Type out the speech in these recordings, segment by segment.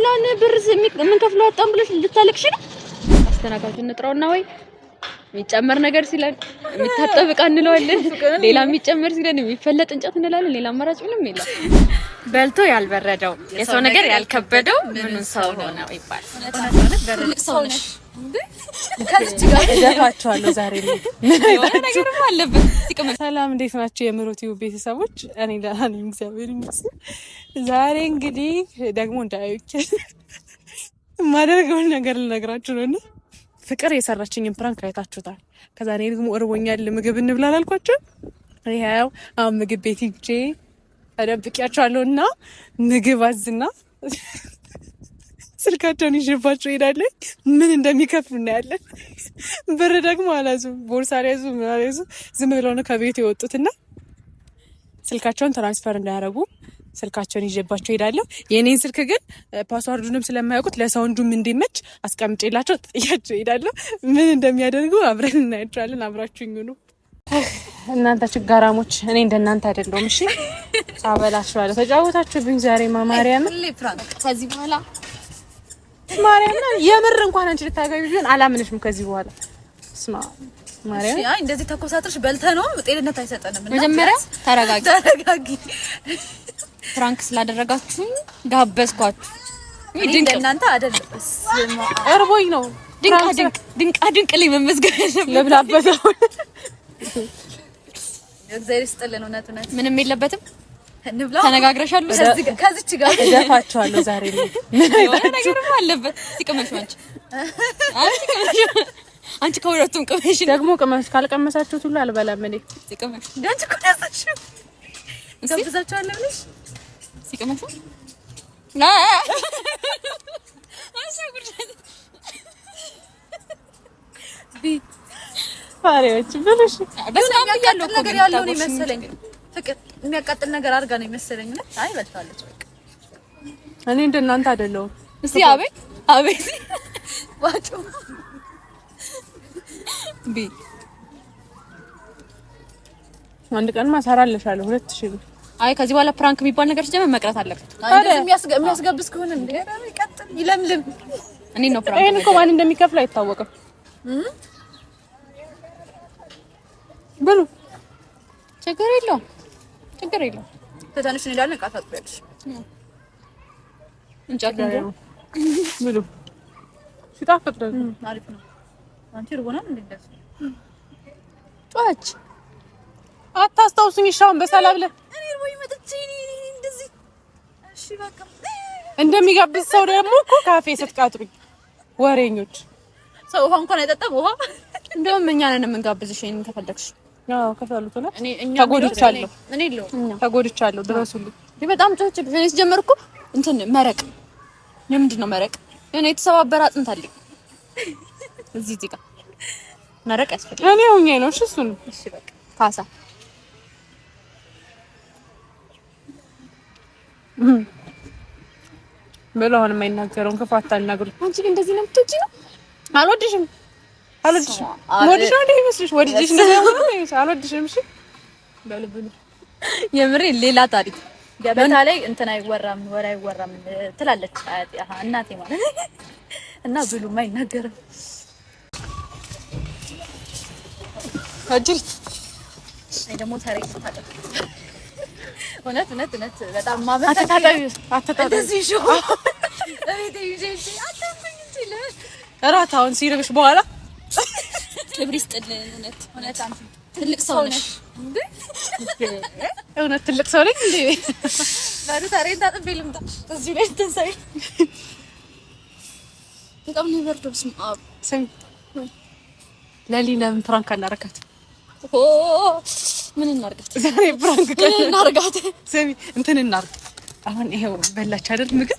ያለውን ብር የምንከፍለው አጣን ብለሽ ልታለቅሽ ነው? አስተናጋጁ እንጥራውና ወይ የሚጨመር ነገር ሲለን የሚታጠብ ዕቃ እንለዋለን። ሌላ የሚጨመር ሲለን የሚፈለጥ እንጨት እንላለን። ሌላ አማራጭ ምንም የለም። በልቶ ያልበረደው የሰው ነገር ያልከበደው ምኑን ሰው ሆነ ይባላል። እደፋቸዋለሁ ዛሬ አለብን። ሰላም እንዴት ናቸው የምሮት ቤተሰቦች? እኔ ደህና ነኝ እግዚአብሔር ይመስገን። ዛሬ እንግዲህ ደግሞ እንዳያዩች የማደርገውን ነገር ልነግራችሁ ነው እና ፍቅር የሰራችኝን ፕራንክ አይታችሁታል። ከዛ እኔ ደግሞ እርቦኛል ምግብ እንብላ አላልኳቸው? ይኸው አሁን ምግብ ቤት ሂጄ እደብቂያቸዋለሁ እና ምግብ አዝና ስልካቸውን ይሽባቸው ሄዳለን። ምን እንደሚከፍሉ እናያለን። ብር ደግሞ አላዙ ቦርሳ ያዙ ያዙ ዝም ብለው ነው ከቤት የወጡትና ስልካቸውን ትራንስፈር እንዳያደርጉ ስልካቸውን ይዤባቸው ሄዳለሁ። የእኔን ስልክ ግን ፓስዋርዱንም ስለማያውቁት ለሳውንዱም እንዲመች አስቀምጬላቸው ጥያቸው ሄዳለሁ። ምን እንደሚያደርጉ አብረን እናያቸዋለን። አብራችሁኝ ሁኑ። እናንተ ችጋራሞች፣ እኔ እንደናንተ አይደለሁም። እሺ አበላችኋለሁ። ተጫወታችሁብኝ ዛሬ ማማሪያ ነው። ከዚህ በኋላ ማርያም የምር እንኳን አንቺ ልታገቢ ቢሆን አላምንሽም ከዚህ በኋላ ስማ ማርያም። አይ እንደዚህ ተኮሳጥርሽ በልተ ጤንነት አይሰጠንም። መጀመሪያ ተረጋጊ፣ ተረጋጊ። ፍራንክ ስላደረጋችሁ ጋበዝኳችሁ። ድንቅ እናንተ አይደለም እርቦኝ ነው። ድንቅ ድንቅ ድንቅ ድንቅ ላይ መመዝገብ ያለብን ለብላበዛው። እግዚአብሔር ይስጥልን። እውነት እውነት ምንም የለበትም። ተነጋግረሻሉ። ከዚች ጋር እደፋቸዋለሁ። ዛሬ ነው ነገርም አለበት። ሲቀመሽ አንቺ አንቺ ከሁለቱም ቅመሽ ደግሞ ቅመሽ። ካልቀመሳችሁት ሁሉ አልበላም እኔ። ሲቀመሽ ዳንቺ እኮ ያሳሽ ያለው ነገር ያለው ነው መሰለኝ ፍቅር የሚያቃጥል ነገር አድርጋ ነው የመሰለኝ። ነት አይ በልታለች። በቃ እኔ እንደናንተ አይደለሁም። እስቲ አቤት አቤት ዋጮ ቢ አንድ ቀን ማሰራልሻለሁ ሁለት ሺህ ብር አይ ከዚህ በኋላ ፕራንክ የሚባል ነገር ሲጀመር መቅረት አለበት። የሚያስገብስ ከሆነ ይቀጥል ይለምልም። እኔ ነው ፕራንክ። ይሄን እኮ ማን እንደሚከፍል አይታወቅም። ብሉ ችግር የለውም። ችግር የለም። ተዛንሽ እንሄዳለን። እቃ ታጥቢያለሽ። እንጨት ነው ብሉ። ሲጣፍጥ ደግሞ አሪፍ ነው። አንቺ እርቦናል እንዴ? እንደዚህ ጧች አታስታውሱኝ። ሻውን በሰላም ብለህ እንደሚጋብዝ ሰው ደግሞ እኮ ካፌ ስትቃጥሩኝ ወሬኞች። ሰው ውሃ እንኳን አይጠጣም። ውሃ እንደውም እኛ ነን የምንጋብዝሽ ከፈለግሽ ተጎድቻለሁ፣ ድረሱልኝ። በጣም ጨች ሲጀመር እኮ እንትን መረቅ የምንድን ነው መረቅ? የሆነ የተሰባበረ አጥንት አለኝ እዚህ እዚህ ጋር መረቅ ያስፈልጋል። እኔ ሆኜ ነው እሱ ነው። እሺ በቃ ካሳ ብሎ አሁን የማይናገረውን ክፋት አልናገሩም። አንቺ ግን እንደዚህ ነው የምትወጪ ነው አልወድሽም የምሬ ሌላ ታሪክ ገበታ ላይ እንትን አይወራም ወሬ አይወራም ትላለች እናቴ ማለት እና ብሉም አይናገርም። አጅሪት ደግሞ ታሪክ እውነት እውነት እውነት በጣም ማበታ ታጠቅ ሹ እቤቴ ይዤ እራት አሁን ሲርብሽ በኋላ ክብር ይስጥልን። እውነት ትልቅ ሰው ነሽ። እውነት ትልቅ ሰው ነኝ እንዴ? ባዶ ታሬን ታጥቤ ልምጣ። እዚሁ ላይ ትንሳኤ በጣም ነው የበረደው። በስመ አብ ስሚ፣ ለሊ ለምን ፕራንክ አናረጋት? ምን እናርጋት? ዛሬ ፕራንክ ቀን እናርጋት። ስሚ እንትን እናርግ። አሁን ይሄው በላች አይደል ምግብ።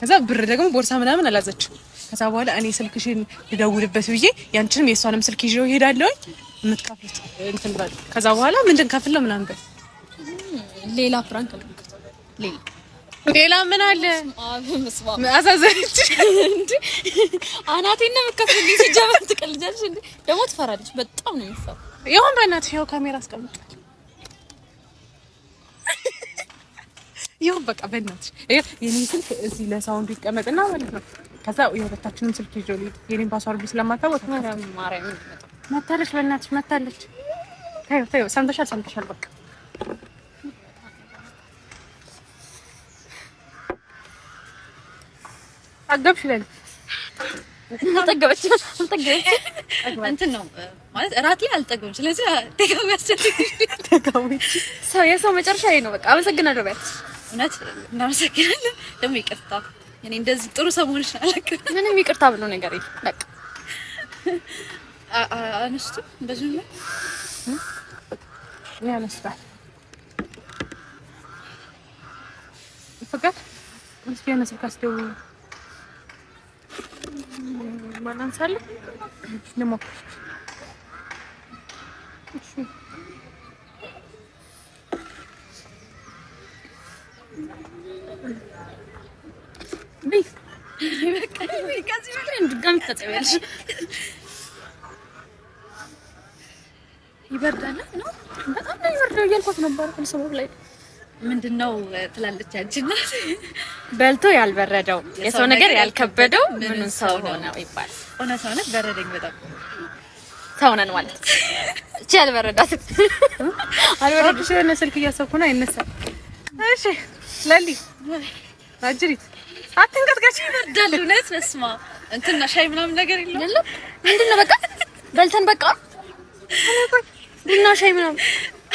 ከዛ ብር ደግሞ ቦርሳ ምናምን አላዘችው ከዛ በኋላ እኔ ስልክሽን ልደውልበት ብዬ ያንችንም የእሷንም ስልክ ይዤው እሄዳለሁ። የምትከፍሉት እንትን በል። ከዛ በኋላ ምንድን ከፍለው ምናምን በል። ሌላ ፍራንክ ሌላ ምን አለ? አሳዘነች። አናቴን ነው የምትከፍልኝ። ሲጀመር ትቀልጃለሽ። እንደ ደግሞ ትፈራለች። በጣም ነው የምትፈራው። ይሁን በእናትሽ፣ ይኸው ካሜራ አስቀምጣል። ይሁን በቃ በእናትሽ፣ የኔ ስልክ እዚህ ለሳውንዱ ይቀመጥና ማለት ነው ከዛ የሁለታችንን ስልክ ይዞ ልሂድ። የኔን ፓስዋርድ ስለማታወቅ መታለች፣ በእናትሽ መታለች። ሰምተሻል፣ ሰምተሻል። በቃ አገብሽ ይላል። አልጠገበችም እንትን ነው ሰው የሰው መጨረሻ ነው። በቃ አመሰግናለሁ። እውነት እናመሰግናለን። ደግሞ ይቅርታ እኔ እንደዚህ ጥሩ ሰው መሆንሽ አላውቅም። ምንም ይቅርታ ብሎ ነገር የለም። በቃ አነስቱ እንደዚህ ነው እኔ ያነስታል። ፍቅር እስኪ የሆነ ስልክ አስደውዪ ማናንሳለሁ ልሞክር እሺ ይበርዳል ነው በጣም ነው በልቶ ያልበረደው የሰው ነገር ያልከበደው ምኑን ሰው ሆነው ይባል እውነት እውነት በረደኝ በጣም ሰው ነን ማለት እቺ ያልበረዳት አልበረድሽ የሆነ ስልክ እያሰብኩ ነው አይነሳም። እሺ ለሊ አጅሪት አትንቀጥቀጭ፣ ይበርዳል። እውነት በስመ አብ ሻይ ምናምን ነገር የለም ምንድን ነው በቃ በልተን በቃ ቡና ሻይ ምናምን።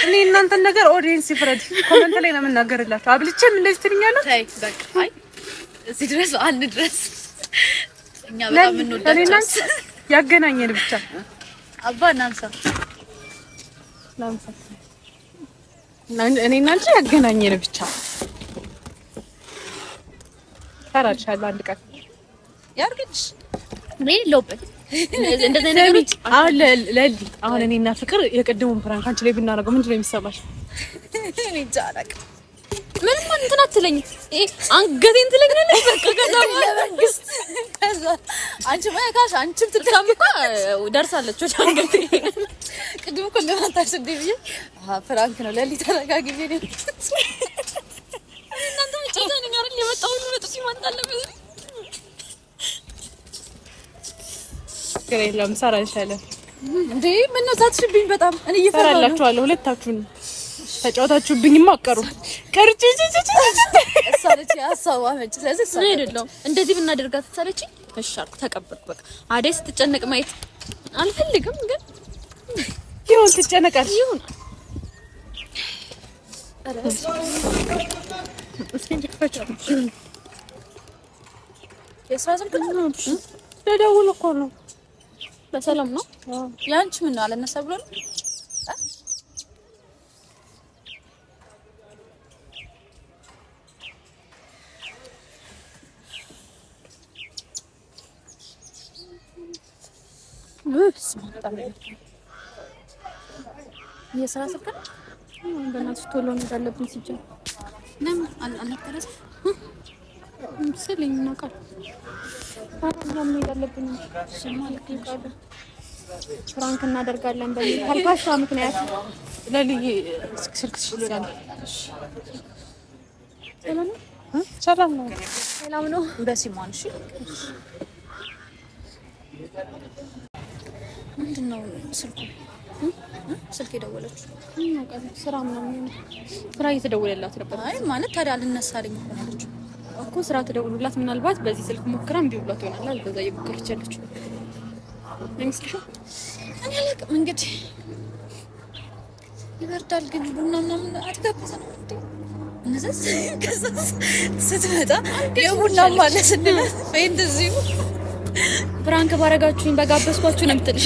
እኔ እናንተን ነገር ኦዲየንስ ይፍረድ። ኮመንት ላይ ነው የምናገርላችሁ። አብልቼም እንደዚህ ትልኛለህ። አይ በቃ አይ እዚህ ድረስ እኛ በጣም እንወዳችሁ። ያገናኘን ብቻ አባ ናምሳ ናምሳ እኔ እናንተ ያገናኘን ብቻ ሰራልሻለሁ አንድ ቀን ያርግልሽ። የለሁበት እንደዚህ ነገሮች አሁን ለሊ አሁን እኔና ፍቅር የቅድሙን ፕራንክ አንቺ ላይ ብናደርገው ምንድን ነው የሚሰማሽ? እኔ እንጃ አላውቅም። ምንም እንትን አትለኝ፣ አንገቴን ትለኛለች። አንቺ ማያካሽ አንቺም ትልካም እኮ ደርሳለች። ወደ አንገቴ ቅድም እኮ እንደማታስብ ብዬሽ ፕራንክ ነው ለሊ ተረጋግዬ ነው እናንተ ብቻ ነኝ አይደል? የመጣው ሁሉ መጡ ሲመጣ ችግር የለም ሰራ ይሻላል እንዴ። ምን ነው ሳትሽብኝ? በጣም እኔ እየፈራላችኋለሁ። ሁለታችሁን ተጫውታችሁብኝማ አቀሩ ቀርጭ እንደዚህ ብናደርጋት ተሳለች። እሺ ተቀበልኩ። በቃ አደይ ስትጨነቅ ማየት አልፈልግም፣ ግን ይሁን ትጨነቃለች። ይሁን የስራ ስልክ ነው ደውል እኮ ነው። በሰላም ነው ያንቺ? ምን ነው አለነሳ ብሎ ነው የስራ ስልክ ነው። በእናትሽ ቶሎ እንዳለብኝ ሲጀምር ለምን ፍራንክ እናደርጋለን በሚል ካልኳሻ ምክንያት ለልዬ ስልክ ሰላም ነው፣ ሰላም ነው። በሲሟን እሺ፣ ምንድን ነው ስልኩ? ስልክ የደወለችው ስራ ምናምን ስራ እየተደወለላት ነበር። አይ ማለት ታዲያ አልነሳ አለኝ ሆናለች እኮ ስራ ተደውሎላት፣ ምናልባት በዚህ ስልክ ሞክራ እምቢ ብሏት ይሆናል። በዛ እየሞከረች ያለችው አይመስልሽም? እኔ አላውቅም። እንግዲህ ይበርዳል፣ ግን ቡና ምናምን አትጋብዘ ነው ከዛ ስትመጣ የቡና ማለት ስንል ወይ እንደዚሁ ብራንክ ባረጋችሁኝ በጋበዝኳችሁ ነው የምትልሽ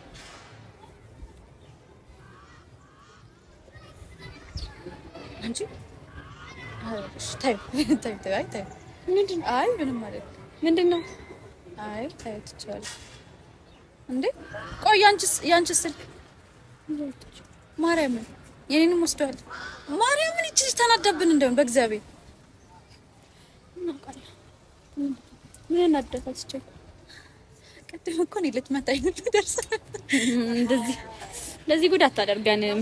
አንቺ አይ ምንም ማለት ምንድን ነው? አይ ታዩ ትችዋል እንዴ? ቆይ ያንቺ ስል ማርያምን የኔንም ወስደዋል። ማርያምን ይቺ ልጅ ተናዳብን በእግዚአብሔር ምን እናደታቸው። ቀደም እኮ እኔ ልትመታኝ ነው እንደዚህ ለዚህ ጉድ አታደርጋንም።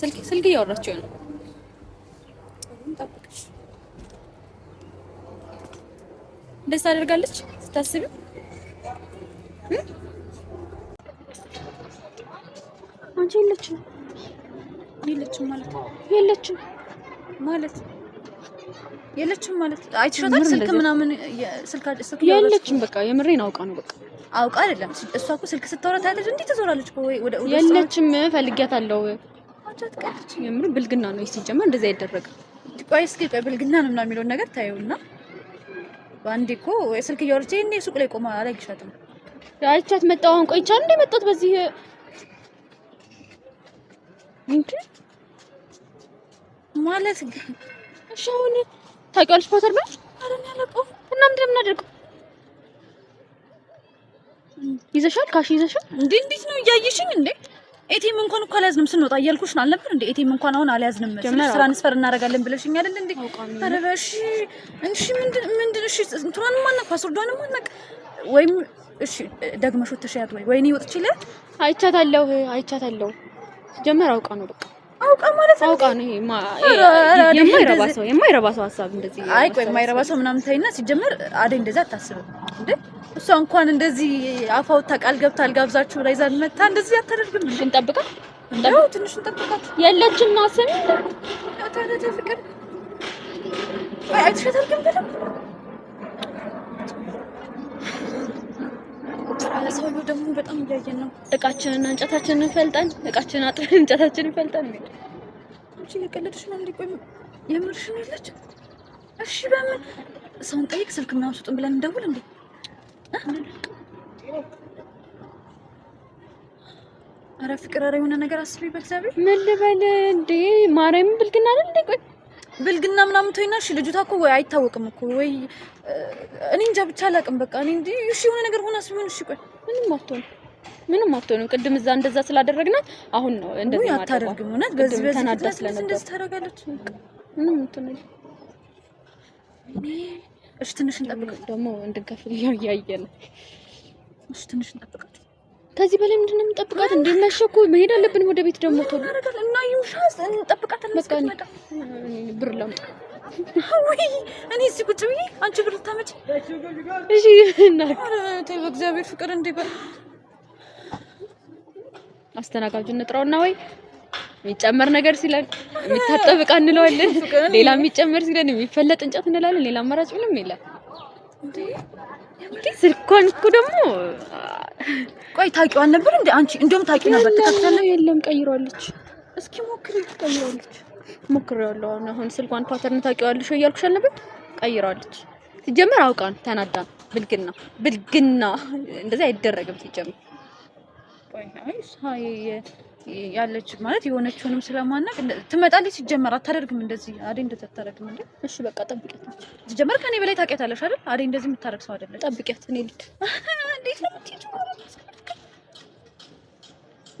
ስልክ ስልክ እያወራቸው ነው። እንደዛ ታደርጋለች ስታስቢ አንቺ የለችም የለችም ማለት የለችም ማለት የለችም ማለት አይተሻታል። ስልክ ምናምን ስልክ ስልክ የለችም በቃ የምሬን አውቃ ነው በቃ አውቃ አይደለም እሷ እኮ ስልክ ስታወራ ታያለች። እንዴት ትዞራለች? ወደ የለችም ፈልጊያታለሁ አጫት ቀርች የምር ብልግና ነው ሲጀመር፣ እንደዛ አይደረግም። ቆይ እስኪ ቆይ ብልግና ነው ምናምን የሚለውን ነገር ታየውና በአንዴ እኮ ስልክ እያወራች እኔ ሱቅ ላይ ቆማ አላየሻትም? አይቻት መጣሁ። አሁን ቆይቻለሁ እንደ መጣሁት በዚህ እንዴ ማለት እሺ። አሁን ታውቂዋለሽ ፓተርን አረን ያለቀው እና ምንድን ነው የምናደርገው? ይዘሻል? ካሽ ይዘሻል እንዴ? እንዴት ነው እያየሽኝ እንዴ? ኤቲኤም እንኳን እኮ አልያዝንም ስንወጣ እያልኩሽ ነው አልነበር እንዴ? ኤቲኤም እንኳን አሁን አልያዝንም ትራንስፈር እናደርጋለን ብለሽኝ አይደል እንዴ? አረሽ እንሺ ምንድን ምንድን እሺ፣ እንትኗንም ማነቅ ፓስወርዷንም ማነቅ ወይም እሺ፣ ደግመሽ ወተሻያት ወይ ወይኔ ወጥችለ አይቻታለሁ፣ አይቻታለሁ ጀመር አውቃ ነው በቃ አውቃ ማለት አውቃ ነው። የማይረባ ሰው ሀሳብ እንደዚህ አይ ቆይ የማይረባ ሰው ምናምን ታይና፣ ሲጀመር አደይ እንደዛ አታስብም እንዴ? እሷ እንኳን እንደዚህ አፋውታ ቃል ገብታ አልጋብዛችሁ ላይ ዛን መታ እንደዚህ አታደርግም። እንጠብቃት እንደው ትንሽ እንጠብቃት። የለችም ማሰም ታዲያ ፍቅር አይ አይተሻታል ግን ሰው ደግሞ በጣም እያየን ነው። እቃችንና እንጨታችንን ፈልጠን እቃችንን አጥረን እንጨታችንን ፈልጠን ነው። እቺ የቀለደሽ ነው እንዴ? ቆይ የምርሽ ነው ያለች? እሺ በምን ሰውን ጠይቅ፣ ስልክ ምናምን ስጡን ብለን እንደውል እንዴ? አረ ፍቅር፣ አረ የሆነ ነገር አስቢ በእግዚአብሔር። ምን ልበል እንዴ? ማርያምን ብልግና አይደል እንዴ? ቆይ ብልግና ምናምን ተይናሽ። ልጅቷ እኮ ወይ አይታወቅም እኮ ወይ እኔ እንጃ ብቻ አላውቅም። በቃ እኔ እንዲ እሺ፣ የሆነ ነገር ሆናስ ቢሆን እሺ። ቆይ ምንም አትሆንም፣ ምንም አትሆንም። ቅድም እዛ እንደዛ ስላደረግናት አሁን ነው እንደዚህ ማለት ነው። አታደርግም። እውነት በዚህ በዚህ ተናዳ ስለነበር እንደዚህ ታደርጋለች። ምንም እንትን እሺ፣ ትንሽ እንጠብቅ ደግሞ እንድንከፍል ያያየን። እሺ፣ ትንሽ እንጠብቃቸው ከዚህ በላይ ምንድን ነው የምንጠብቃት? እንደመሸ መሄድ አለብን ወደ ቤት። ደግሞ ቶሎ እና ዩሻስ እንጠብቃታለን። ብር ላምጣ። እኔ እዚህ ቁጭ ብዬ አንቺ ብር ታመጪ። እሺ እና በእግዚአብሔር ፍቅር እንዴ አስተናጋጁ እንጥራውና ወይ የሚጨመር ነገር ሲለን የሚታጠብ ዕቃ እንለዋለን። ሌላ የሚጨመር ሲለን የሚፈለጥ እንጨት እንላለን። ሌላ አማራጭ ምንም የለም። ስልኳን እኮ ደግሞ ቆይ ታውቂዋን ነበር እንዴ አንቺ? እንደውም ታውቂ ነበር። ተከታተለ የለም፣ ቀይሯለች። እስኪ ሞክሪ፣ ቀይሯለች። ሞክሬዋለሁ። አሁን አሁን ስልኳን ፓተርን ታውቂዋለሽ ወይ እያልኩሽ አልነበረ? ቀይሯለች። ሲጀመር አውቃን ተናዳ። ብልግና ብልግና፣ እንደዚህ አይደረግም ሲጀመር። ቆይ አይ ሳይ ያለች ማለት የሆነችውንም ስለማናቅ ትመጣለች። ሲጀመር አታደርግም እንደዚህ አዴ እንደተታረግም እንዴ። እሺ በቃ ጠብቂያት። ሲጀመር ከኔ በላይ ታውቂያታለሽ አይደል? አዴ እንደዚህ የምታረግ ሰው አይደለች። ጠብቂያት። እኔ ልድ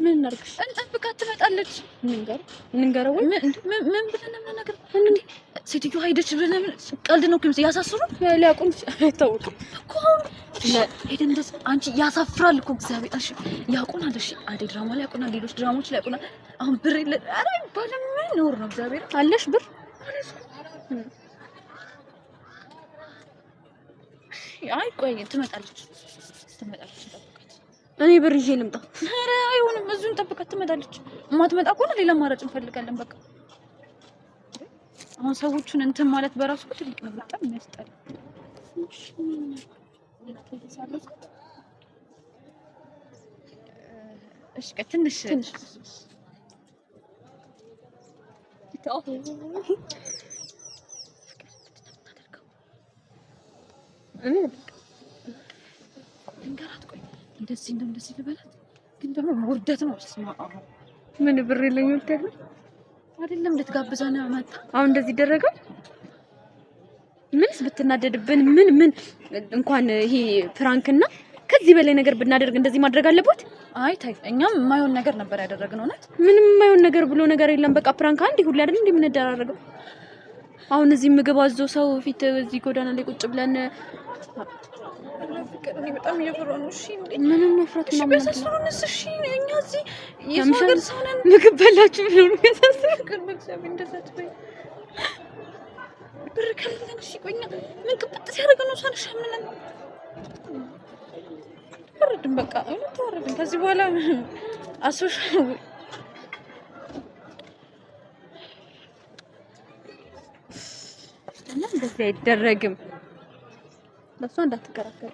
ምን እናርግሽ? እንጠብቃት። ትመጣለች። ምንገር ምንገረ ወይ ምን ብለን ምንነገር ሴትዮ ሀይደች ብለን ቀልድ ነው እኮ ያሳስሩን ሊያውቁን አይታወቅም ሄደን ደስ አንቺ ያሳፍራል እኮ እግዚአብሔር። እሺ ያውቁናል። እሺ አዴ ድራማ ላይ ሌሎች ድራማዎች ላይ ያውቁናል። አሁን ብር የለ ኧረ ኖር ነው እግዚአብሔር አለሽ ብር አይ ቆይ ትመጣለች፣ ትመጣለች። እኔ ብር ይዤ ልምጣ። ኧረ አይሆንም፣ እዚሁ እንጠብቃት። ትመጣለች። ከሆነ ሌላ ማረጭ እንፈልጋለን። በቃ አሁን ሰዎቹን እንትን ማለት በራሱ ትልቅ ነው፣ በጣም የሚያስጠላ እሺ ትንሽ ትንሽ ቆይ እንደዚህ እንደው እንደዚህ ልበላት፣ ግን ደግሞ መውደት ነው። ምን ብር የለኝ ወልተህ አይደለም ልትጋብዘን መጣ። አሁን እንደዚህ ይደረጋል። የምትናደድብን ምን ምን እንኳን ይሄ ፕራንክና ከዚህ በላይ ነገር ብናደርግ እንደዚህ ማድረግ አለበት? አይ ታይ፣ እኛም የማይሆን ነገር ነበር ያደረግን። እውነት ምንም የማይሆን ነገር ብሎ ነገር የለም። በቃ ፕራንክ አንድ ሁሉ አይደል እንዴ እንደምንደራረገው። አሁን እዚህ ምግብ አዞ ሰው ፊት እዚህ ጎዳና ላይ ቁጭ ብለን ምንም መፍራት እኛ እዚህ ምግብ በላችሁ ብሎ ነው ያሳሰሩ ብር ከሌለን ሲቆኛ ምን ቅብጥ ሲያደርግ ነው ሳንሻ ምንለን ተወረድን። በቃ እውነት ተወረድን። ከዚህ በኋላ አሶሽ እና እንደዚህ አይደረግም። ለእሷ እንዳትከራከሩ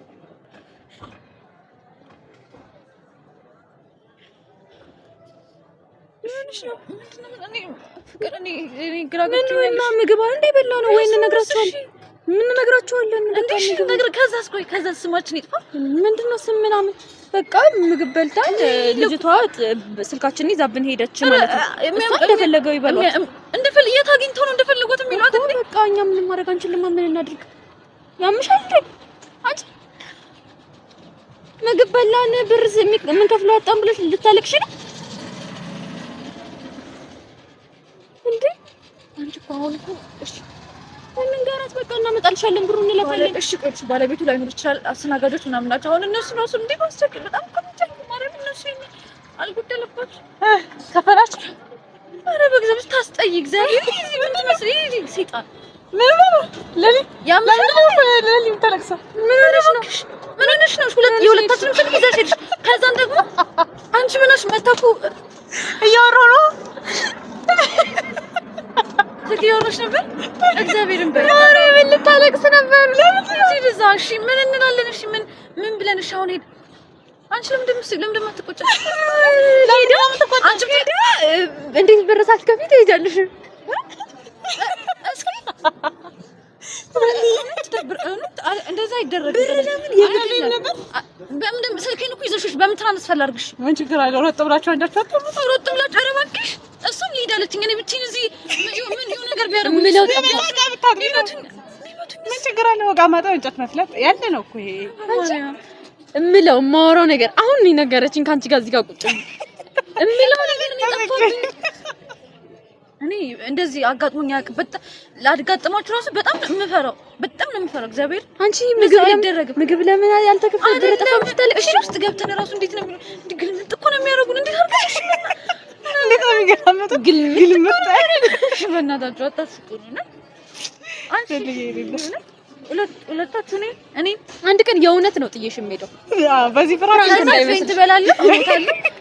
ምግብ አንድ የበላው ነው ወይ እንነግራቸዋለን። ምን እነግራቸዋለን? ከዛስ ቆይ ከዛስ ስማችን ይጥፋ። ምንድን ነው ስም ምናምን በቃ ምግብ በልታል። ልጅቷ ስልካችንን ይዛብን ሄደች ማለት ነው። እሷ እንደፈለገው ይበሏት። እንደፈለ የት አግኝተው ነው እንደፈለጉት የሚሏት? በቃ እኛ ምንም ማድረግ አንችልም። ምን እናድርግ? ያምሻል እንዴ አንቺ ምግብ በላን ብር የምንከፍለው አጣን ብለሽ ልታለቅሽ ነው? አንቺ እኮ አሁን እኮ እሺ እንንገራት በቃ እናመጣልሻለን፣ ብሩን እንለፋለን። እሺ ቆይ ባለቤቱ ላይኖር ይችላል፣ አስተናጋጆች ምናምን ናቸው። አሁን እነሱ ራሱ እንዴ ማስቸክ በጣም ከምቻል ማረም እነሱ ይሄን አልጎደለባችሁ ከፈላች አረ በእግዚአብሔር ታስጠይ እግዚአብሔር እዚህ ምን ትመስል ይሄ ሰይጣን ምን ነው ለሊ ያምሽ ለሊ ተለቅሰ ምን ሆነሽ ነው? ምን ሆነሽ ነው? ሁለት የሁለታችንም ስልክ ይዘሽ ሄድሽ። ከዛን ደግሞ አንቺ ምን ሆነሽ መታኩ እያወራሁ ነው ሊሆኖች ነበር። እግዚአብሔርን በረ ምን ልታለቅስ ነበር? ለምን ዛሺ ምን እንላለን? እሺ ምን ምን ብለን እሺ? አሁን ሄድ አንቺ ለምንድን ለምንድን አትቆጭ? ሄዳ አንቺ ሄዳ እንዴት ብር ሳትከፊ ትሄጃለሽ? እስኪ እንደዛ ይደረግ በምን ስልኬን እኮ ይዘሽሽ በምን ትራንስፈር ላድርግሽ? ምን ችግር አለው? ሮጥ ብላችሁ አንዳችሁ አትቀምጡ። ሮጥ ብላችሁ ኧረ እባክሽ እሱም ሊዳለች እንግዲህ ብቻ እዚህ ምን ነገር ቢያደርጉ ምን ነው ምን ችግር አለ? ወጋ ማጣው እንጨት መፍለጥ ያለ ነው እኮ ይሄ እምለው የማወራው ነገር አሁን ነው ነገረችኝ። ከአንቺ ጋር እዚህ ጋር ቁጭ እምለው ነገር ነው የጠፋብኝ። እኔ እንደዚህ አጋጥሞኝ አያውቅም። በጣም ላጋጥማችሁ ራሱ በጣም ነው የምፈራው፣ በጣም ነው የምፈራው። እግዚአብሔር አንቺ ምግብ ለምን ምግብ ለምን ያልተከፈተ ድረስ ተፈጥተለ እሺ፣ ውስጥ ገብተን ራሱ እንዴት ነው እንዴት ነው የሚያደርጉን እንዴት አርጋሽ እንዴት ነው የሚገላመጡት? ግልምጥ በእናታችሁ አታስቁኝ ነው ሁለታችሁ እኔ እኔ አንድ ቀን የእውነት ነው ጥዬሽ የምሄደው። በዚህ ፍራሽ ትበላለህ፣ እሞታለሁ።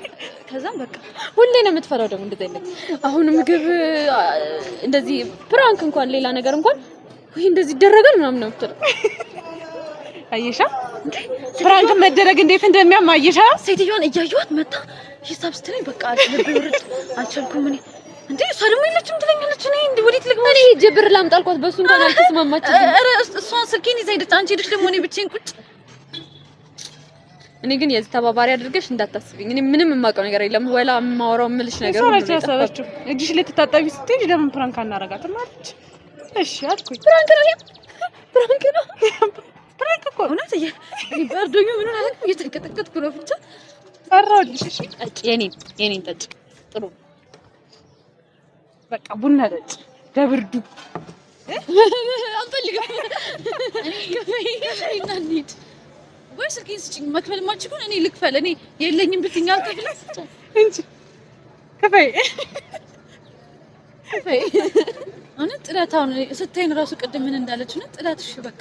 ከዛም በቃ ሁሌ ነው የምትፈራው። ደግሞ እንደዚህ አይነት አሁን ምግብ እንደዚህ ፕራንክ እንኳን ሌላ ነገር እንኳን ወይ እንደዚህ ይደረጋል ምናምን ነው የምትለው። አየሻ ፕራንክ መደረግ እንዴት እንደሚያም አየሻ። ሴትዮዋን እያየኋት መጣ ሂሳብ ስትለኝ በቃ ልብ ይውርድ አልቻልኩም። እኔ እንዴ እሷ ደግሞ የለችም ትለኛለች። እኔ እንዴ ወዴት ልግባ? እኔ ሂጅ ብር ላምጣ አልኳት፣ በእሱ እንኳን አልተስማማችም። ኧረ እሷ ስልኬን ይዛ ሄደች። አንቺ ሄደሽ ደግሞ እኔ ብቻዬን ቁጭ። እኔ ግን የዚህ ተባባሪ አድርገሽ እንዳታስቢኝ። እኔ ምንም የማውቀው ነገር የለም፣ ወላ የማወራው የምልሽ ነገር ሁሉ ነው። ታሳሰበችው እጅሽ ልትታጠቢ ስትሄጂ ለምን ፕራንክ አናረጋትም አለች። እሺ አልኩኝ። ፕራንክ ነው ፕራንክ ነው ፕራንክ እኮ እውነት በርዶኝ ምን አላውቅም። እየተንቀጠቀጥኩ ነው ብቻ ሰራሁልሽ። ጠጪ፣ የኔን የኔን ጠጪ። ጥሩ በቃ ቡና ጠጪ። ለብርዱ አልፈልግም። እኔ ልክፈል። እኔ የለኝም ብትኛ አልከፍልም ጥላት አሁን ስታይን ራሱ ቅድም ምን እንዳለች እውነት ጥላት። እሺ በቃ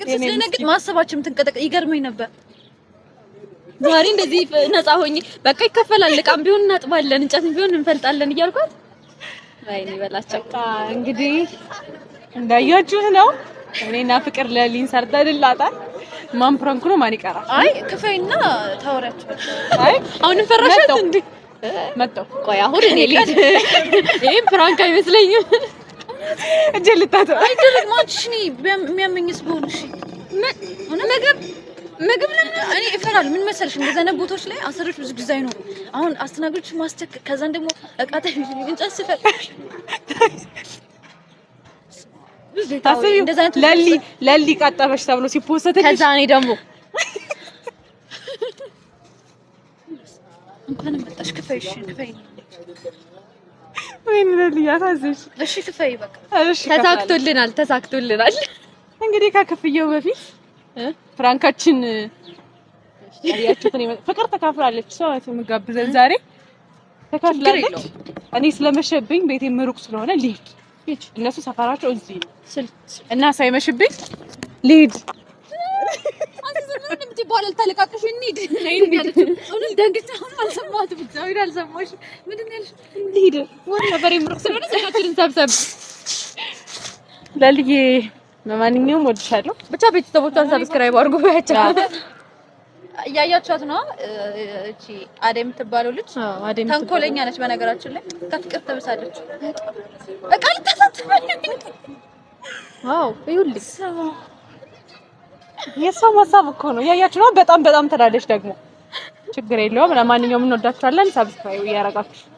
ስትቀጠቅጥ ስትደነግጥ ማሰባችሁም ትንቀጠቀ ይገርመኝ ነበር። ዛሬ እንደዚህ ነፃ ሆኜ በቃ ይከፈላል፣ እቃም ቢሆን እናጥባለን፣ እንጨት ቢሆን እንፈልጣለን እያልኳት ወይኔ በላቸው። እንግዲህ እንዳያችሁት ነው እኔና ፍቅር ለሊን ሰርተንላታል። ማን ፕራንክ ነው ማን ይቀራል? አይ ክፈይና ታወራችሁ። አይ አሁን ፈራሻት እንዴ? መጣው ቆይ አሁን እኔ ልሂድ። ይሄ ፕራንክ አይመስለኝም። እጀልጣት አይደለም ማንቺ ነው የሚያመኝስ በሆንሽ ነገር ምግብ ለምን እኔ እፈራለሁ። ምን መሰለሽ እንደዛ ነው ቦታዎች ላይ አሰሪዎች ብዙ ጊዜ አይኖሩ። አሁን አስተናጋጆች ማስተክ ከዛን ደግሞ እቃ ተብይ እንጨት ስፈል ለሊ ለሊ ቀጠፈሽ ተብሎ ሲፖሰተ ከዛ እኔ ደግሞ እንኳን መጣሽ ክፈይሽ ክፈይ ወይኔ ለልያ ታዘሽ። እሺ ክፈይ በቃ እሺ። ተሳክቶልናል ተሳክቶልናል። እንግዲህ ከክፍየው በፊት ፍራንካችን ያያችሁትን ፍቅር ተካፍላለች። ሰው የምጋብዘን ዛሬ ተካፍላለች። እኔ ስለመሸብኝ ቤቴም ምሩቅ ስለሆነ ልሂድ፣ እነሱ ሰፈራቸው እዚህ እና ሳይመሽብኝ ልሂድ ከዚህ በኋላ ልታለቃቅሽ እንሂድ። ለልዬ በማንኛውም ወድሻለሁ። ብቻ ቤተሰቦቿን ሰብስክራይብ አድርጉ። እያያችኋት ነው። እቺ አዴ የምትባለው ልጅ ተንኮለኛ ነች። በነገራችን ላይ ከፍቅር ትብሳለች። በቃ ልታሳትፈ ዋው የሰው መሳብ እኮ ነው ያያችሁ ነው። በጣም በጣም ትላለች ደግሞ ችግር የለውም። ለማንኛውም እንወዳችኋለን። ሰብስክራይብ እያረጋችሁ